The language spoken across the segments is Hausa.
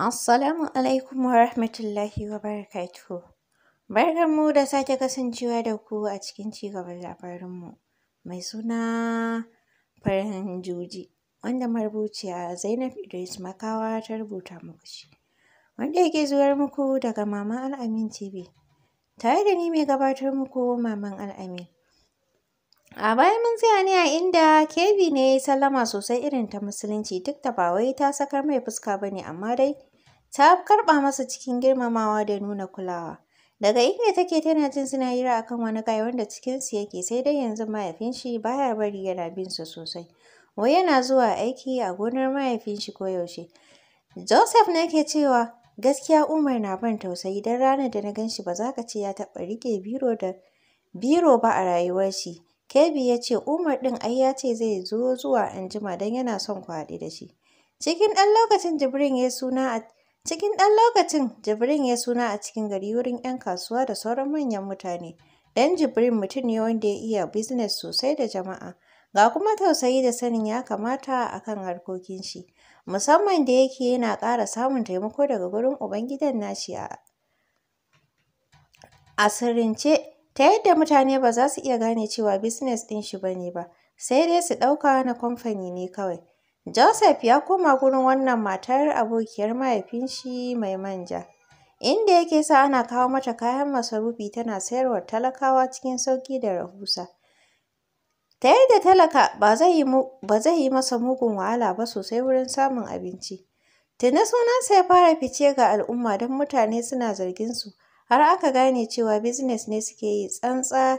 Assalamu alaikum wa rahmatullahi wa barakatuhu. Barkanmu da sake kasancewa da ku a cikin ci labarin mu. Mai suna farin juji, wanda marubuciya Zainab Idris Makawa ta rubuta muku shi. Wanda yake zuwar muku daga maman Al'amin TV. Tare da ni mai gabatar muku Maman Al'amin. A baya mun tsaya ne a inda kebi ne ya yi sallama sosai irin ta musulunci duk da ba wai ta sakar mai fuska ba ne amma dai ta karɓa masa cikin girmamawa da nuna kulawa. Daga inda take tana jin suna hira akan wani gai wanda cikinsu yake sai dai yanzu mahaifin shi baya bari yana bin su sosai. Wai yana zuwa aiki a gonar mahaifin shi yaushe. Joseph ne ke cewa gaskiya Umar na ban tausayi don ranar da na gan shi ba za ka ce ya taɓa rike biro da biro ba a rayuwar shi. Kebi ya ce Umar ɗin ai ya ce zai zo zuwa anjima don yana son ku haɗu da shi. Cikin ɗan lokacin Jibrin ya suna a cikin ɗan lokacin Jibrin ya suna a cikin gari wurin 'yan kasuwa da sauran manyan mutane. ɗan Jibrin mutum ne wanda ya iya biznes sosai da jama'a. Ga kuma tausayi da sanin ya kamata a kan harkokin shi. Musamman da yake yana ƙara samun taimako daga gurin Ubangidan nashi a asirince. ta yadda mutane ba za su iya gane cewa business ɗin shi bane ba, sai dai su ɗauka na kamfani ne kawai. Joseph ya koma gurin wannan matar abokiyar mahaifin shi mai manja, inda yake sa ana kawo mata kayan masarufi tana sayarwa talakawa cikin sauki da rahusa. Ta yadda talaka ba zai yi masa mugun wahala ba sosai wurin samun abinci. Tuni sunansa ya fara fice ga al'umma don mutane suna zargin su har aka gane cewa bizines ne suke yi tsantsa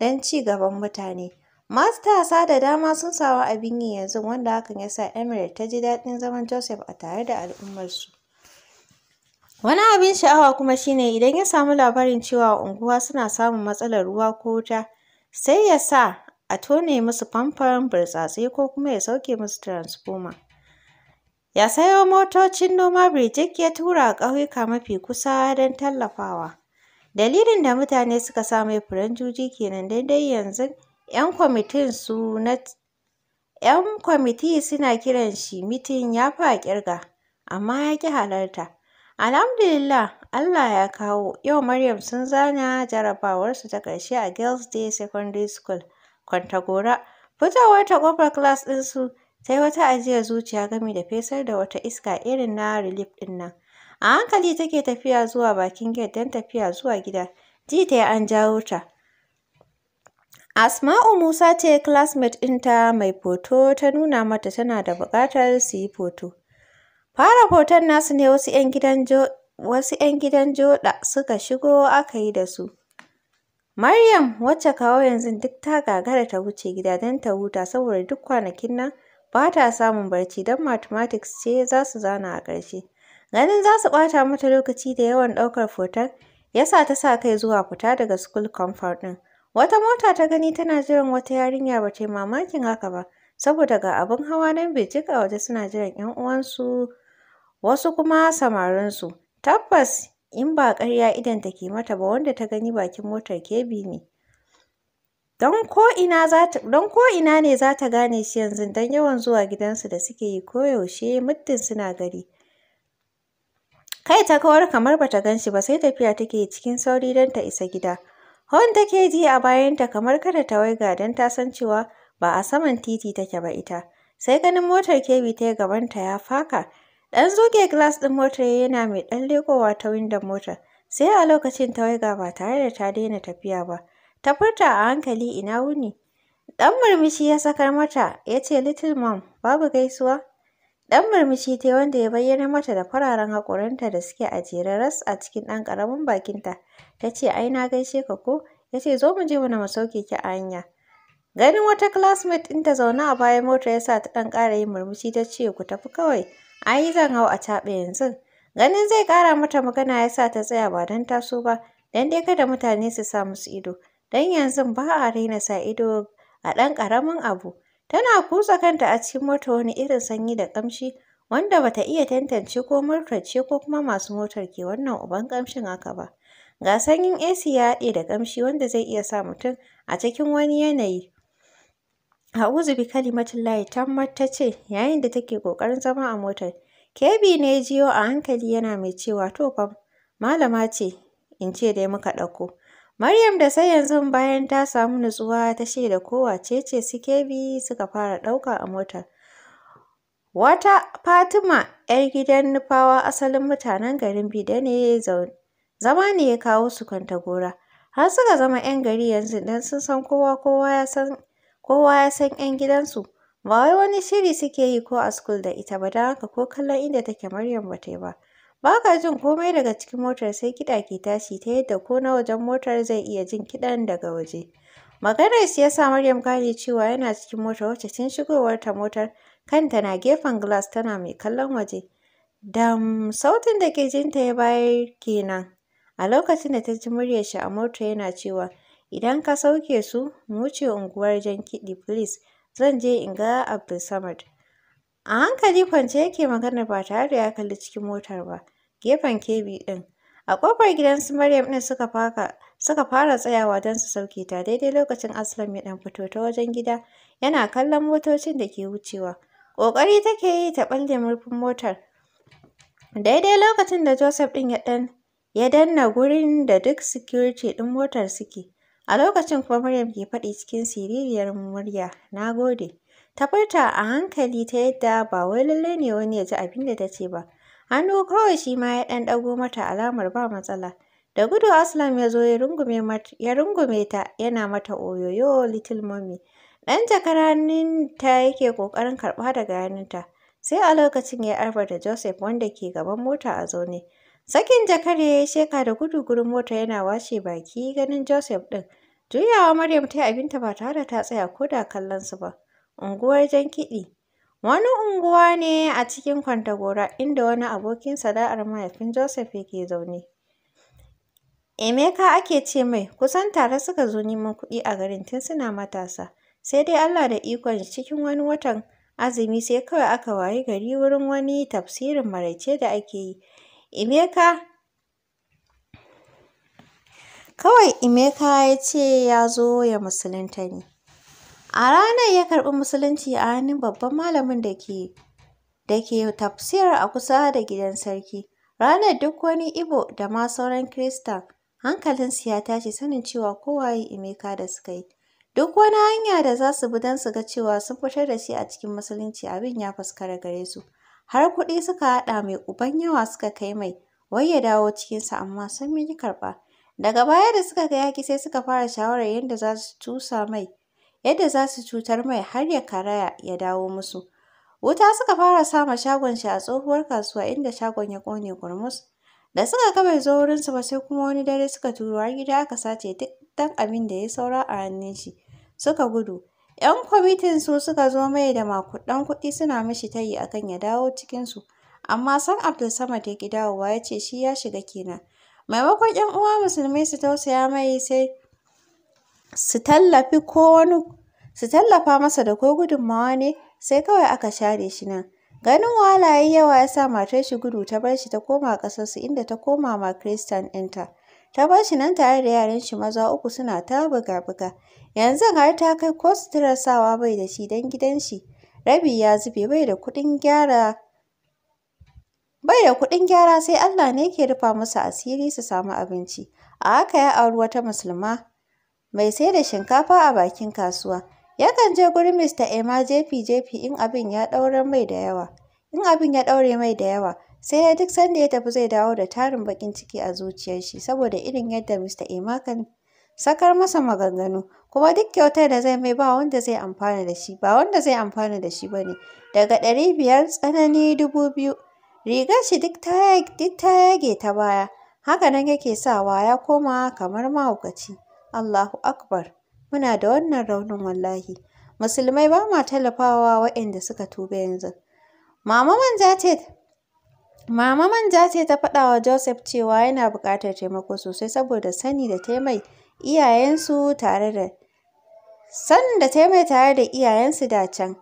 don ci gaban mutane. Masu tasa da dama sun sawa abin yi yanzu wanda hakan ya sa Emirates ta ji daɗin zaman Joseph a tare da al'ummarsu. Wani abin sha'awa kuma shine idan ya samu labarin cewa unguwa suna samun matsalar ruwa ko wuta, sai ya sa a tone musu famfon burtsatsai ko kuma ya sauke musu transformer. ya sayo motocin noma birjik ya tura a ƙauyuka mafi kusa don tallafawa. Dalilin da mutane suka sa mai furen juji kenan daidai yanzu 'yan kwamitin kwamiti suna kiran shi mitin ya fi a ƙirga, amma ya ƙi halarta. Alhamdulillah Allah ya kawo, yau Maryam sun zana jarabawarsu ta ƙarshe a Girls Day Secondary School, Kwantagora. Fitowar ta ƙofar class ɗinsu Sai wata ajiyar zuciya gami da fesar da wata iska irin na relief ɗin nan. A hankali take tafiya zuwa bakin gate don tafiya zuwa gida. Ji ta an jawo ta. Asma'u Musa ce classmate ɗinta mai foto ta nuna mata tana da buƙatar su yi foto. Fara foton nasu ne wasu 'yan gidan joda suka shigo aka yi da su. Maryam wacce kawo yanzu duk ta gagara ta wuce gida don ta huta saboda duk kwanakin nan ba ta samun barci don mathematics ce za su zana a ƙarshe. Ganin za su ɓata mata lokaci da yawan ɗaukar foton, ya sa ta sa kai zuwa fita daga school comfort ɗin. Wata mota ta gani tana jiran wata yarinya ba ta yi mamakin haka ba, saboda ga abin hawa nan bai a waje suna jiran 'yan uwansu, wasu kuma samarinsu. Tabbas in ba ƙarya idonta ke mata ba wanda ta gani bakin motar Kebi ne. Don ko ina ne za ta gane shi yanzu don yawan zuwa gidansu da suke yi koyaushe muddin suna gari. Kai ta kawar kamar ba ta gan shi ba sai tafiya take cikin sauri don ta isa gida. Hon take ji a bayanta kamar kada ta waiga don ta san cewa ba a saman titi take ba ita. Sai ganin motar kebi ta gabanta ya faka. Ɗan zuge glass ɗin motar yana mai ɗan lekowa ta windon motar. Sai a lokacin ta waiga ba tare da ta daina tafiya ba. Ta furta a hankali ina wuni. Ɗan murmushi ya sakar mata ya ce little mom babu gaisuwa. Ɗan murmushi ta wanda ya bayyana mata da fararen haƙoranta da suke a jere ras a cikin ɗan ƙaramin bakinta. Ta ce ai na gaishe ka ko? Ya ce zo mu je mu sauke ki a hanya. Ganin wata classmate ta zaune a bayan mota ya sa ta ɗan ƙara yin murmushi ta ce ku tafi kawai. Ai zan hau a caɓe yanzu. Ganin zai ƙara mata magana ya sa ta tsaya ba don taso ba, don dai kada mutane su sa musu ido. don yanzu ba a raina sa ido a ɗan ƙaramin abu. Tana kutsa kanta a cikin mota wani irin sanyi da ƙamshi wanda bata iya tantance ko motar ko kuma masu motar ke wannan uban ƙamshin haka ba. Ga sanyin AC ya haɗe da ƙamshi wanda zai iya sa mutum a cikin wani yanayi. A'udhu bi kalimatillahi tammar ta ce yayin da take ƙoƙarin zama a motar. Kebi ne jiyo a hankali yana mai cewa to fa malama ce in ce dai muka ɗauko. Maryam da sai yanzu bayan ta samu nutsuwa ta shaida ko suke bi suka fara ɗauka a motar. Wata Fatima 'yar gidan Nufawa asalin mutanen garin Bida ne zama ne ya kawo su gora. Har suka zama 'yan gari yanzu don sun san kowa kowa ya san kowa ya san 'yan gidansu. Ba wai wani shiri suke yi ko a school da ita ba don haka ko kallon inda take Maryam ba ta yi ba. Ba ka jin komai daga cikin motar sai kiɗa ke tashi ta yadda ko na wajen motar zai iya jin kiɗan daga waje. Maganar su ya sa Maryam gane cewa yana cikin motar wacce tun ta motar kanta na gefen glass tana mai kallon waje. Dam sautin da ke jinta ya bayar kenan. A lokacin da ta ji murya shi a motar yana cewa, Idan ka sauke su, mu wuce unguwar Jan Kiɗi, please. Zan je in ga Abdul samad. A hankali kwance yake magana ba tare da ya kalli cikin motar ba, gefen kebi ɗin. A ƙofar gidan su Maryam ɗin suka fara tsayawa don su sauke ta daidai lokacin Aslam ya ɗan fito ta wajen gida yana kallon motocin da ke wucewa. Ƙoƙari take yi ta ɓalle murfin motar. Daidai lokacin da Joseph ɗin ya ɗan ya danna gurin da duk security ɗin motar suke. A lokacin kuma Maryam ke faɗi cikin siririyar murya, na gode. Ta furta a hankali ta yadda ba wai lallai ne wani ya ji abin da ta ce ba. Hannu kawai shi ma ya ɗan ɗago mata alamar ba matsala. Da gudu Aslam ya zo ya rungume ta yana mata oyoyo little mommy. Ɗan jakar ta yake ƙoƙarin karɓa daga ta. Sai a lokacin ya arba da Joseph wanda ke gaban mota a zaune. Sakin jakar ya yi sheka da gudu gurin mota yana washe baki ganin Joseph ɗin. Juyawa Maryam ta yi abinta ba tare da ta tsaya ko da kallon su ba. unguwar kiɗi Wani unguwa ne a cikin Kwantagora inda wani abokin sana'ar mahaifin Joseph yake zaune. Emeka ake ce mai, kusan tare suka zo neman kuɗi a garin tun suna matasa. Sai dai Allah da ikon shi cikin wani watan azumi sai kawai aka wayi gari wurin wani tafsirin maraice da ake yi. Emeka Kawai Emeka ya ce ya zo ya musulunta ne. A ranar ya karbi Musulunci a hannun babban malamin da ke da ke tafsir a kusa da gidan sarki. Ranar duk wani Igbo da ma sauran Kirista su ya tashi sanin cewa kowaye Emeka da suka yi. Duk wani hanya da za su bi don su ga cewa sun fitar da shi a cikin Musulunci abin ya fuskara gare su. Har kuɗi suka haɗa mai uban yawa suka kai mai wai ya dawo cikinsa amma sun yi karɓa. Daga baya da suka ga yaƙi sai suka fara shawarar yadda za su cusa mai yadda za su cutar mai har ya karaya ya dawo musu. Wuta suka fara sama shagon shi a tsohuwar kasuwa inda shagon ya ƙone gurmus. Da suka ga zo wurinsu ba sai kuma wani dare suka turo har gida aka sace duk dan abin da ya saura a hannun shi. Suka gudu. 'Yan kwamitin su suka zo mai da makudan kuɗi suna mishi tayi akan ya dawo cikin su Amma san Abdulsamad ya ƙi dawowa ya ce shi ya shiga kenan. Maimakon 'yan uwa musulmai su tausaya mai sai su tallafi ko wani su tallafa masa da ko gudunmawa ne sai kawai aka share shi nan ganin wahala yayi yawa ya sa matar shi gudu ta bar shi ta koma ƙasarsu inda ta koma ma kristan ɗinta ta bar shi nan tare da yaran shi maza uku suna ta buga-buga yanzu har ta kai ko suturar sawa bai da shi don gidan shi rabi ya zube bai da kuɗin gyara bai da kuɗin gyara sai Allah ne ke rufa musu asiri su samu abinci a haka ya auri wata musulma mai sai da shinkafa a bakin kasuwa. Yakan je gurin Mr. Emma jefi-jefi in abin ya ɗaure mai da yawa. In abin ya ɗaure mai da yawa, sai dai duk sanda ya tafi zai dawo da tarin bakin ciki a zuciyar shi saboda irin yadda Mr. Emma kan sakar masa maganganu kuma duk kyautar da zai mai ba wanda zai amfana da shi ba wanda zai amfana da shi bane daga ɗari biyar tsanani dubu biyu rigar shi duk ta yage ta baya haka nan yake sawa ya koma kamar mahaukaci Allahu Akbar. Muna da wannan raunin wallahi. Musulmai ba ma tallafawa waɗanda suka tuba yanzu. Mama Manja ce ta faɗa wa Joseph cewa yana buƙatar taimako sosai saboda sani da taimai iyayensu tare da sanin da taimai tare da iyayensu da can.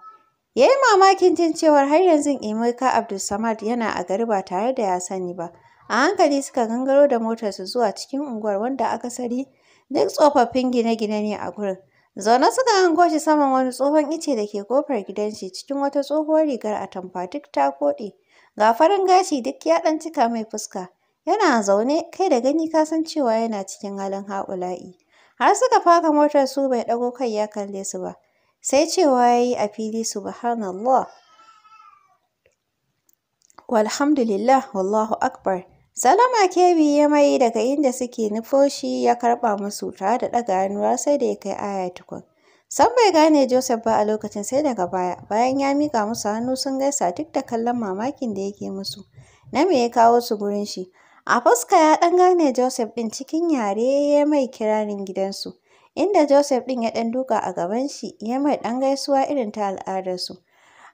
Ya yi mamakin jin cewar har yanzu Emeka Abdulsamad yana a gari ba tare da ya sani ba. A hankali suka gangaro da motarsu zuwa cikin unguwar wanda akasari duk tsofaffin gine-gine ne a gurin. Zaune suka hango shi saman wani tsohon ice da ke kofar gidan shi cikin wata tsohuwar rigar atamfa duk ta koɗe. Ga farin gashi duk ya ɗan cika mai fuska. Yana zaune kai da gani ka san cewa yana cikin halin haƙula'i. Har suka faka motar su bai ɗago kai ya kalle su ba. Sai cewa ya yi a fili subhanallah. Walhamdulillah wallahu akbar. Salama Kebi ya mai daga inda suke nufo shi ya karɓa musu tare da ɗaga hannuwa sai da ya kai aya tukun. san bai gane Joseph ba a lokacin sai daga baya, bayan ya mika musu hannu sun gaisa duk da kallon mamakin da yake musu. Na me ya kawo su gurin shi? A fuska ya ɗan gane Joseph ɗin cikin yare ya mai kiranin gidansu, inda Joseph ɗin ya ɗan duka a gaban shi ya mai ɗan gaisuwa irin ta al'adarsu.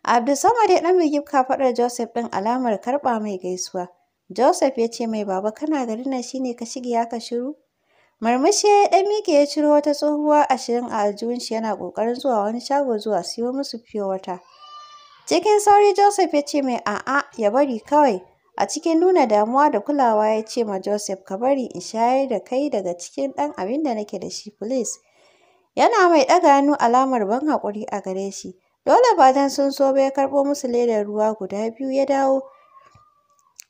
Abdulsamad ya ɗan bigi kafaɗar Joseph ɗin alamar karɓa mai gaisuwa. Joseph ya ce mai baba kana garin na shine ka shige haka shiru? Marmashi ya ɗan miƙe ya ciro wata tsohuwa ashirin a aljihun shi yana ƙoƙarin zuwa wani shago zuwa siyo musu fiyo wata. Cikin sauri Joseph ya ce mai a'a ya bari kawai. A cikin nuna damuwa da kulawa ya ce ma Joseph ka bari in shayar da kai daga cikin ɗan abin da nake da shi please. Yana mai ɗaga hannu alamar ban hakuri a gare shi. Dole ba dan sun so ba ya karɓo musu ledar ruwa guda biyu ya dawo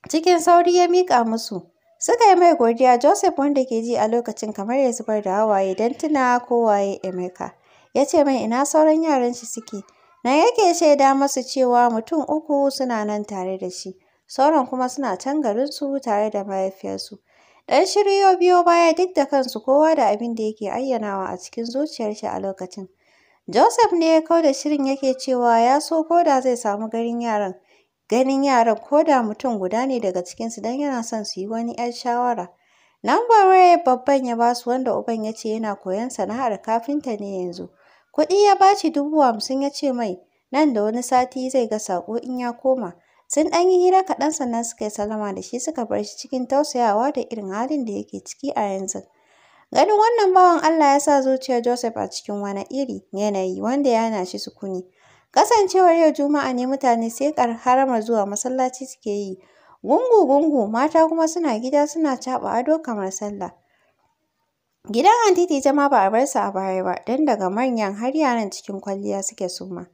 Cikin sauri ya mika musu. Suka yi mai godiya Joseph wanda ke ji a lokacin kamar ya zubar da hawaye don tuna kowaye Emeka. Ya ce mai ina sauran yaran shi suke. Na yake shaida masu cewa mutum uku suna nan tare da shi. Sauran kuma suna can garinsu tare da mahaifiyarsu. Ɗan shiryo biyo baya duk da kansu kowa da abin da yake ayyanawa a cikin zuciyar shi a lokacin. Joseph ne ya kau da shirin yake cewa ya so ko da zai samu garin yaran ganin yaran ko da mutum guda ne daga cikinsu don yana son su yi wani 'yan shawara. Lambar babban ya ba su wanda uban ya ce yana koyon sana'ar kafinta ne yanzu. Kuɗi ya ba shi dubu hamsin ya ce mai nan da wani sati zai ga saƙo in ya koma. Sun ɗan yi hira kaɗan sannan suka yi salama da shi suka bar shi cikin tausayawa da irin halin da yake ciki a yanzu. Ganin wannan bawan Allah ya sa zuciyar Joseph a cikin wani iri yanayi wanda ya hana shi sukuni. Kasancewar yau Juma'a ne mutane sai haramar zuwa masallaci suke yi. Gungu-gungu mata kuma suna gida suna caɓa ado kamar sallah. Gidan Anti ta ma ba a bar su a baya ba don daga manyan har yaran cikin kwalliya suke suma.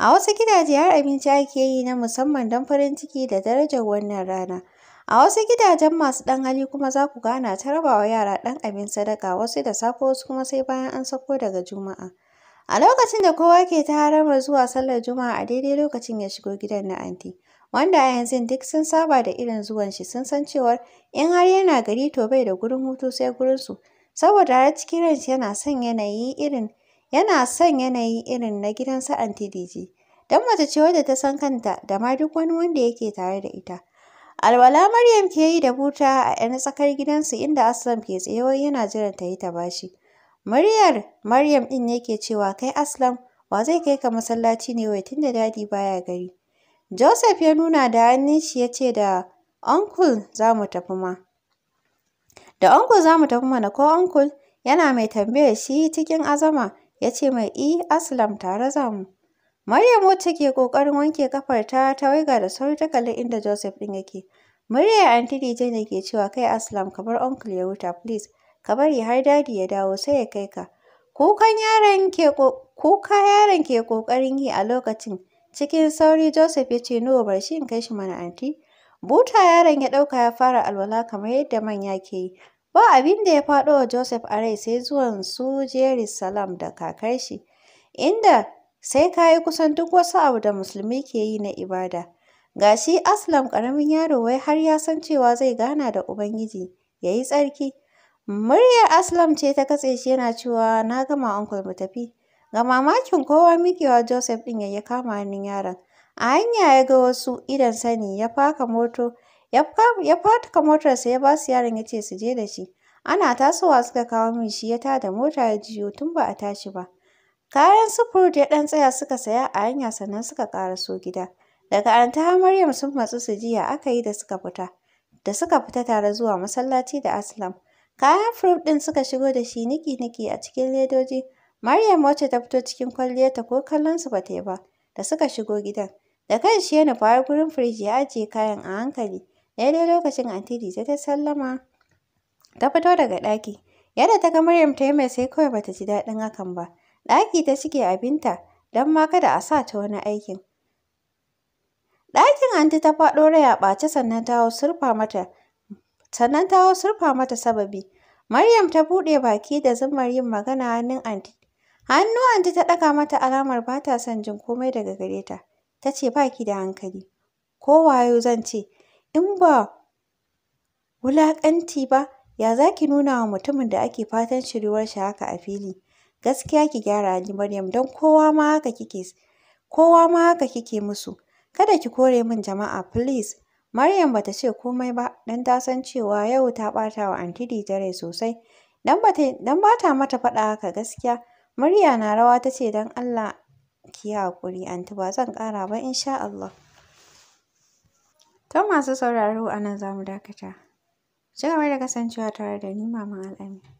A wasu gidaje har abinci ake yi na musamman don farin ciki da darajar wannan rana. A wasu gidajen masu ɗan hali kuma za ku ga ta rabawa yara ɗan abin sadaka wasu da safe wasu kuma sai bayan an sako daga Juma'a. A lokacin da kowa ke ta haramar zuwa sallar Juma'a a daidai lokacin ya shigo gidan na anti. Wanda a yanzu duk sun saba da irin zuwan shi sun san cewa in har yana gari to bai da gurin hutu sai gurin su Saboda har cikin ranshi yana son yanayi irin yana son yanayi irin na gidan su anti Dije. dan mace ce wadda ta san kanta da ma duk wani wanda yake tare da ita. Alwala Maryam ke yi da buta a 'yan tsakar gidansu inda Aslam ke tsaye yana jiran ta yi ta bashi. Muryar Maryam ɗin yake cewa kai Aslam wa zai kai ka masallaci ne wai tunda dadi baya gari. Joseph ya nuna da hannun shi ya ce da uncle za mu tafi ma. Da uncle za mu tafi mana ko uncle? Yana mai tambayar shi cikin azama ya ce mai i eh, Aslam tare za mu. Maryam wacce ke ƙoƙarin wanke kafar ta ta waiga da sauri ta kalli inda Joseph ɗin yake. Muryar Aunty DJ ne ke cewa kai Aslam kamar bar uncle ya huta please. ka bari har dadi ya dawo sai ya kai ka. kuka yaron ke ƙoƙarin yi a lokacin cikin sauri Joseph ya ce no bar shi in kai shi mana anti. Buta yaron ya ɗauka ya fara alwala kamar yadda manya ke yi. Ba abin da ya faɗo wa Joseph a rai sai zuwan su salam da kakar shi, inda sai ka yi kusan duk wasu abu da musulmi ke yi na ibada. Ga shi Aslam ƙaramin yaro wai har ya san cewa zai gana da Ubangiji, ya yi tsarki. Muryar Aslam ce ta katse shi yana cewa na gama uncle mu tafi. Ga mamakin kowa mikewa Joseph ɗin yayi kama hannun yaron. A hanya ya ga wasu idan sani ya faka moto ya fatuka motarsa ya basu yaron ya ce su je da shi. Ana tasowa suka kawo min shi ya tada mota ya jiyo tun ba a tashi ba. Kayan sufuri da ɗan tsaya suka saya a hanya sannan suka ƙaraso gida. Daga anta Maryam sun matsu su jiya aka yi da suka fita. Da suka fita tare zuwa masallaci da Aslam. Kayan fruit ɗin suka shigo da shi niki-niki a cikin ledoji. Maryam wacce ta fito cikin kwalliyarta ko kallonsu ba ta yi ba da suka shigo gidan. Da kan shi ya nufa gurin firiji ya ajiye kayan a hankali. Daidai lokacin Anti Dije ta sallama ta fito daga ɗaki. Yadda ta ga Maryam ta yi mai sai kawai ba ta ji daɗin hakan ba. Ɗaki ta shige abinta don ma kada a sa ta wani aikin. Ɗakin Anti ta faɗo rai a ɓace sannan ta hau surfa mata sannan ta hau surfa mata sababi. Maryam ta buɗe baki da zummar yin magana hannun anti. Hannu anti ta ɗaka mata alamar ba ta son jin komai daga gare ta. Ta ce ba ki da hankali. Ko wayo zan ce, in ba wulaƙanci ba, ya za ki nuna wa mutumin da ake fatan shiruwar shi haka a fili? Gaskiya ki gyara ni Maryam don kowa ma haka kike kowa ma haka kike musu. Kada ki kore min jama'a please. Maryam ba ta ce komai ba don ta san cewa yau ta ɓata wa Anti Dijare sosai. Don ba ta mata faɗa haka gaskiya. Murya na rawa ta ce don Allah ki yi haƙuri Anti ba zan ƙara ba insha Allah. To masu sauraro a nan za mu dakata. Ci gaba da kasancewa tare da ni Maman al'ami